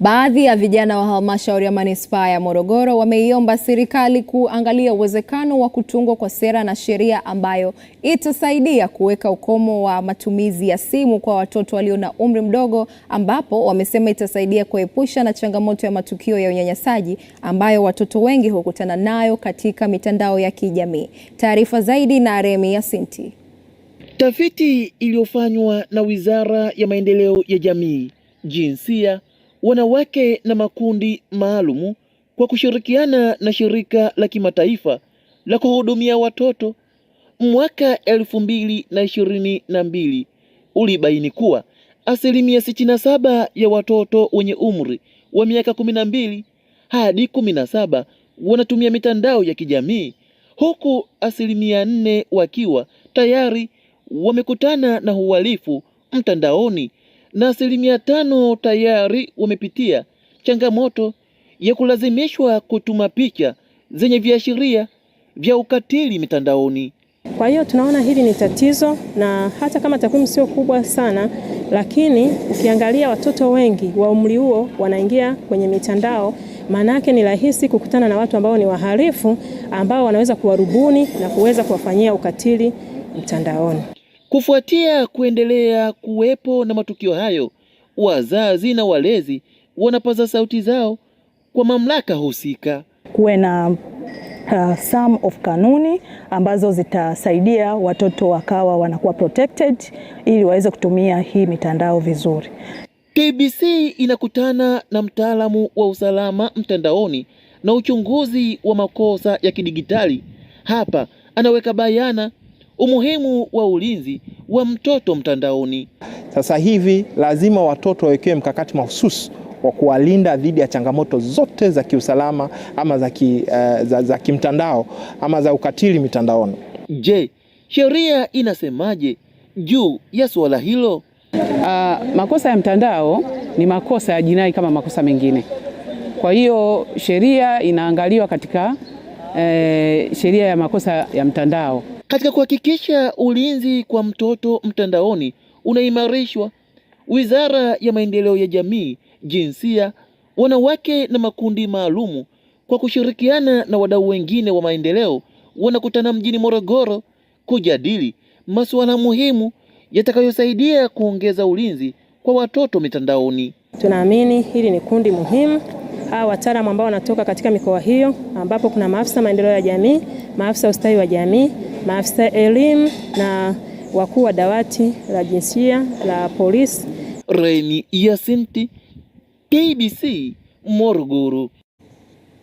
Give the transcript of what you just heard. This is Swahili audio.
Baadhi ya vijana wa halmashauri ya manispaa ya Morogoro wameiomba serikali kuangalia uwezekano wa kutungwa kwa sera na sheria ambayo itasaidia kuweka ukomo wa matumizi ya simu kwa watoto walio na umri mdogo, ambapo wamesema itasaidia kuepusha na changamoto ya matukio ya unyanyasaji ambayo watoto wengi hukutana nayo katika mitandao ya kijamii. Taarifa zaidi na Remi Yasinti. Tafiti iliyofanywa na Wizara ya Maendeleo ya Jamii, Jinsia wanawake na makundi maalumu kwa kushirikiana na shirika la kimataifa la kuhudumia watoto mwaka elfu mbili na ishirini na mbili ulibaini kuwa asilimia sitini na saba ya watoto wenye umri wa miaka kumi na mbili hadi kumi na saba wanatumia mitandao ya kijamii huku asilimia nne wakiwa tayari wamekutana na uhalifu mtandaoni na asilimia tano tayari wamepitia changamoto ya kulazimishwa kutuma picha zenye viashiria vya ukatili mitandaoni. Kwa hiyo tunaona hili ni tatizo, na hata kama takwimu sio kubwa sana, lakini ukiangalia watoto wengi wa umri huo wanaingia kwenye mitandao, maanake ni rahisi kukutana na watu ambao ni wahalifu ambao wanaweza kuwarubuni na kuweza kuwafanyia ukatili mtandaoni. Kufuatia kuendelea kuwepo na matukio hayo, wazazi na walezi wanapaza sauti zao kwa mamlaka husika kuwe na Uh, some of kanuni ambazo zitasaidia watoto wakawa wanakuwa protected ili waweze kutumia hii mitandao vizuri. KBC inakutana na mtaalamu wa usalama mtandaoni na uchunguzi wa makosa ya kidigitali. Hapa anaweka bayana umuhimu wa ulinzi wa mtoto mtandaoni. Sasa hivi lazima watoto wawekewe mkakati mahususi wa kuwalinda dhidi ya changamoto zote za kiusalama ama za, ki, uh, za, za kimtandao ama za ukatili mitandaoni. Je, sheria inasemaje juu ya suala hilo? Uh, makosa ya mtandao ni makosa ya jinai kama makosa mengine. Kwa hiyo sheria inaangaliwa katika eh, sheria ya makosa ya mtandao. Katika kuhakikisha ulinzi kwa mtoto mtandaoni unaimarishwa, Wizara ya Maendeleo ya Jamii, Jinsia, Wanawake na Makundi Maalumu kwa kushirikiana na wadau wengine wa maendeleo wanakutana mjini Morogoro kujadili masuala muhimu yatakayosaidia kuongeza ulinzi kwa watoto mitandaoni. Tunaamini hili ni kundi muhimu hawa wataalamu ambao wanatoka katika mikoa hiyo ambapo kuna maafisa maendeleo ya jamii, maafisa ustawi wa jamii, maafisa elimu na wakuu wa dawati la jinsia la polisi. Reni Yasinti, KBC, Morogoro.